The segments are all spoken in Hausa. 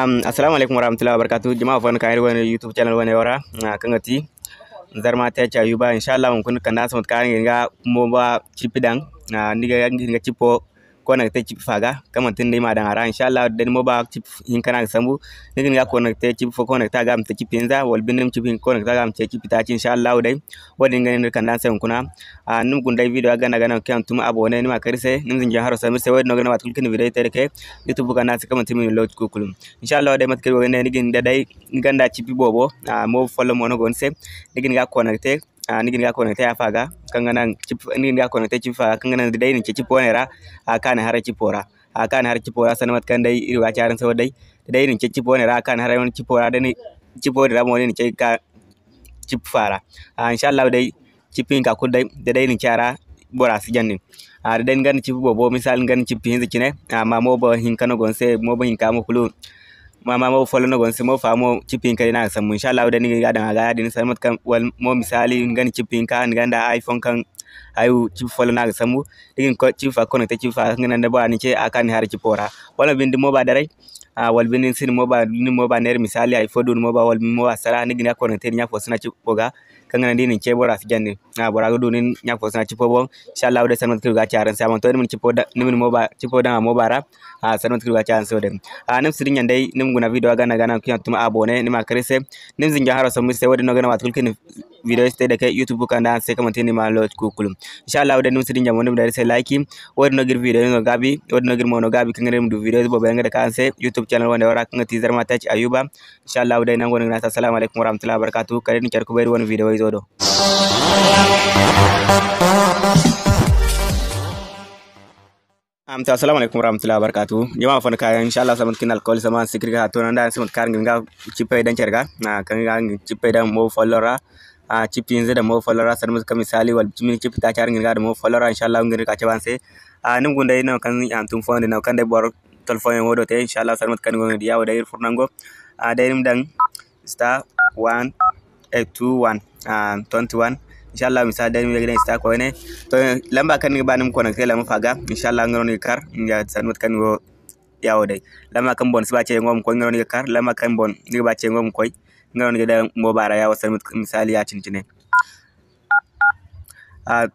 um, assalamu alaikum warahmatullahi wabarakatuh jama'a fon kan irwan youtube channel wani wara na kan zar ma ta cha yuba Allah mun kun kan nasu mutkan ga kuma ba chipidan na niga ga ga chipo connecter chip faga kama tin dai madan ara inshallah den ba chip hin kana sambu nigin ga connecter chip fo connecter ga mta chip inza wal bindim chip hin connecter ga mta chip ta chi inshallah dai wadin ganin kan dan sai kuna a num gun dai video ga na ga na kan tuma abone ni ma karse nim zin jahar sami sai wadin ga na matul kin video tere ke youtube ga na sai kama tin min lot ko kulum inshallah dai mat kai wadin nigin da dai ganda chip bobo a ah, mo follow mo no gonse nigin ga connecter Ah, nigin ga kono ta faga kanga nan chip nigin ga kono ta chip faga kanga nan dai ni chip wonera aka ah, na hara chip ora aka ah, na hara chip ora sanamat kan dai iri wacha ran sawa dai dai ni chip wonera aka na hara won chip ora dai ni chip wonera mo ni ka chip fara insha Allah dai chipin ka kudai da dai ni chara bora si jannin ada den gan chip bo bo misal gan chip hin zikine ma mo bo hin kano gonse mo bo hin kamo kulun ma ma mo folo no gon se mo famo na san mun insha Allah dan ga dan ga din san kan wal mo misali ngan chipin ka ngan da iPhone kan ayu chip folo na san mu digin ko chip fa kono te chip fa ngan da ba ni ce akan har chipora wala bindi mo ba dare Ah, walbin sin moba ni moba ner misali ay fodu ni moba walbin moba sara ni gina kono ter nya fosna ci poga ndi ni ce bora fi janni na ah, bora gudu ni nya fosna ci pobo insha Allah da sanmat kiru ga charan sa man to ni ci poda ni min moba ci poda moba ra a ah, sanmat kiru ga charan so dem a nim sirin yandai nim guna video gana gana kiyan tuma abone ni ma krese nim zinga haro so mi se wodi no gana watul kin video stay da kai youtube bukan sai ka mantini ma lot ku kulum insha Allah wadan nusi din jamonu sai like wadan no video no gabi wadan no mono gabi kan ngare video bo bayanga da kan sai youtube channel wanda wara kan teaser ma tach ayuba insha Allah wadan nan gonan assalamu alaikum warahmatullahi wabarakatuh kare ni kyarku bayar wani video izo do amta assalamu alaikum warahmatullahi wabarakatuh jama'a fon kayan insha Allah samun sama alcohol saman sikri ga to nan da samun karin cipe dan cerga na kan ga cipe dan mo follora a ah, chipti inze da mo folora sar kami sali wal chimini chipti ta char gada da mo folara inshallah ngir ka se a ah, nim gunda ina kan am tum fonde na kan de bor telephone ngodo te inshallah sar mut kan ngo dia ah, wada ir furnango a da nim dang star 1 821 um 21 inshallah misa da mi gidan sta ko ne to lamba kan ga banim ko na kela lamba faga inshallah ngoro ni kar ya sar mut kan go yawo dai lamba kan bon ba ce ngom ko ngoro ni kar lamba kan bon ni ba ce ngom koi ngaron jada mo bara ya wasar misali ya cincine a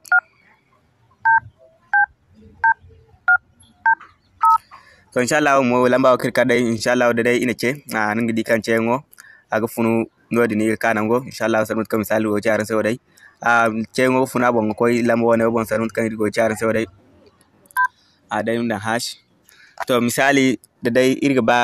to insha Allah mo lamba wakir kada insha Allah da dai ina ce a nan gidi kan ce ngo ga funu nodi ni kana ngo insha Allah sanu ka misali wo jaran sai dai a ce ngo funa bon ko lamba wona bon sanu ka kan go jaran sai dai a dai nan hash to misali da dai irga ba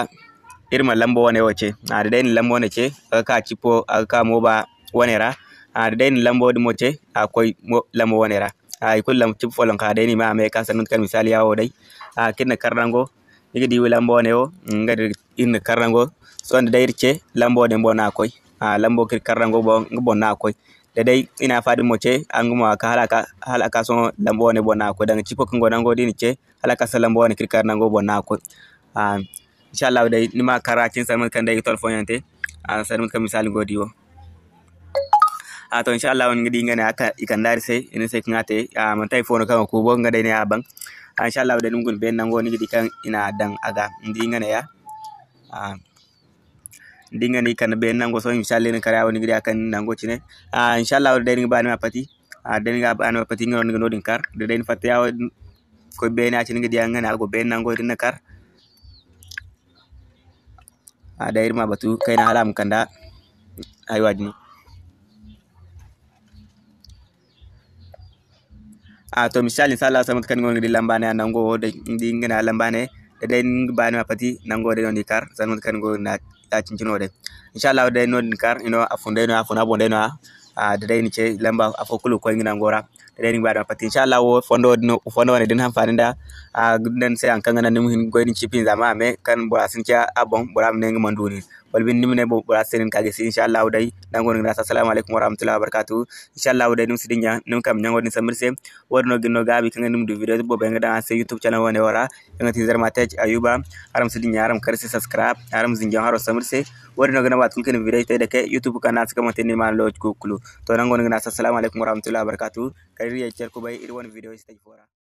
irma lambo wane wace a da ni lambo wane ce aka cipo aka ba wane ra a da ni lambo dimo ce akwai lambo wane ra a yi kullum cipo folon ka ni ma mai kan sanun kan misali yawo dai a kinna karrango yake diwi lambo wane wo nga da inna karrango so anda dai ce lambo de bona akwai a lambo kir karrango bo bona akwai da dai ina fadin mo ce an gumo ka halaka halaka so lambo wane bona akwai daga cipo kan godango dini ce halaka sa lambo wane kir karrango bona akwai insha Allah dai ni ma kara kin san salmon kan day tol yante a ah, san salmon kan misali godi o a ah, to insha Allah wani gidi ngane aka ikan dari ina sai kin ate a ah, mun tai fono kan ko bo ngade ne a bang a inchallah day dum gun ben nango ni gidi kan ina dan aga ndi ngane ya a ndi ngane kan ben nango so insha Allah ne kara wani gidi akan nango cine a insha inchallah day ngi bani ma pati a day ngi bani ma pati ngi non ngi nodin kar dai day fatta yawo ko be na cin gidi ngane algo be nango din kar aadaa hirmaa batu kaina haala kanda ayu ajnu a ah, to misali sala sama kan ngol ngidil lambane a ah, de ndi ngena lambane de den bane ma pati nango de non dikar samat kan ngol na ta cincino de inshallah de non dikar ino afunde no afuna bonde no a de ah, ni ce lamba afokulu ko ngina ngora eɗen mbaɗa par inchallah o fondo fondo wone den hanfani da a den se an kangana nim hin goydin chipin zama me kan bora sincha abon bora mne ngi manduni wal bin nimne bo bora senin kage si inshallah dai dangon ngra assalamu alaikum warahmatullahi wabarakatuh inshallah dai num sidinya num kam nyangodin samirse wodno ginno gabi kanga num du video bo be ngada se youtube channel wone wara ngati tin zarma ayuba aram sidinya aram karsi subscribe aram zinja haro samirse wodno gina wat kulkin video tay deke youtube kanal ska mantini man loj kuklu to dangon ngra assalamu alaikum warahmatullahi wabarakatuh really a charcoal by everyone video is like for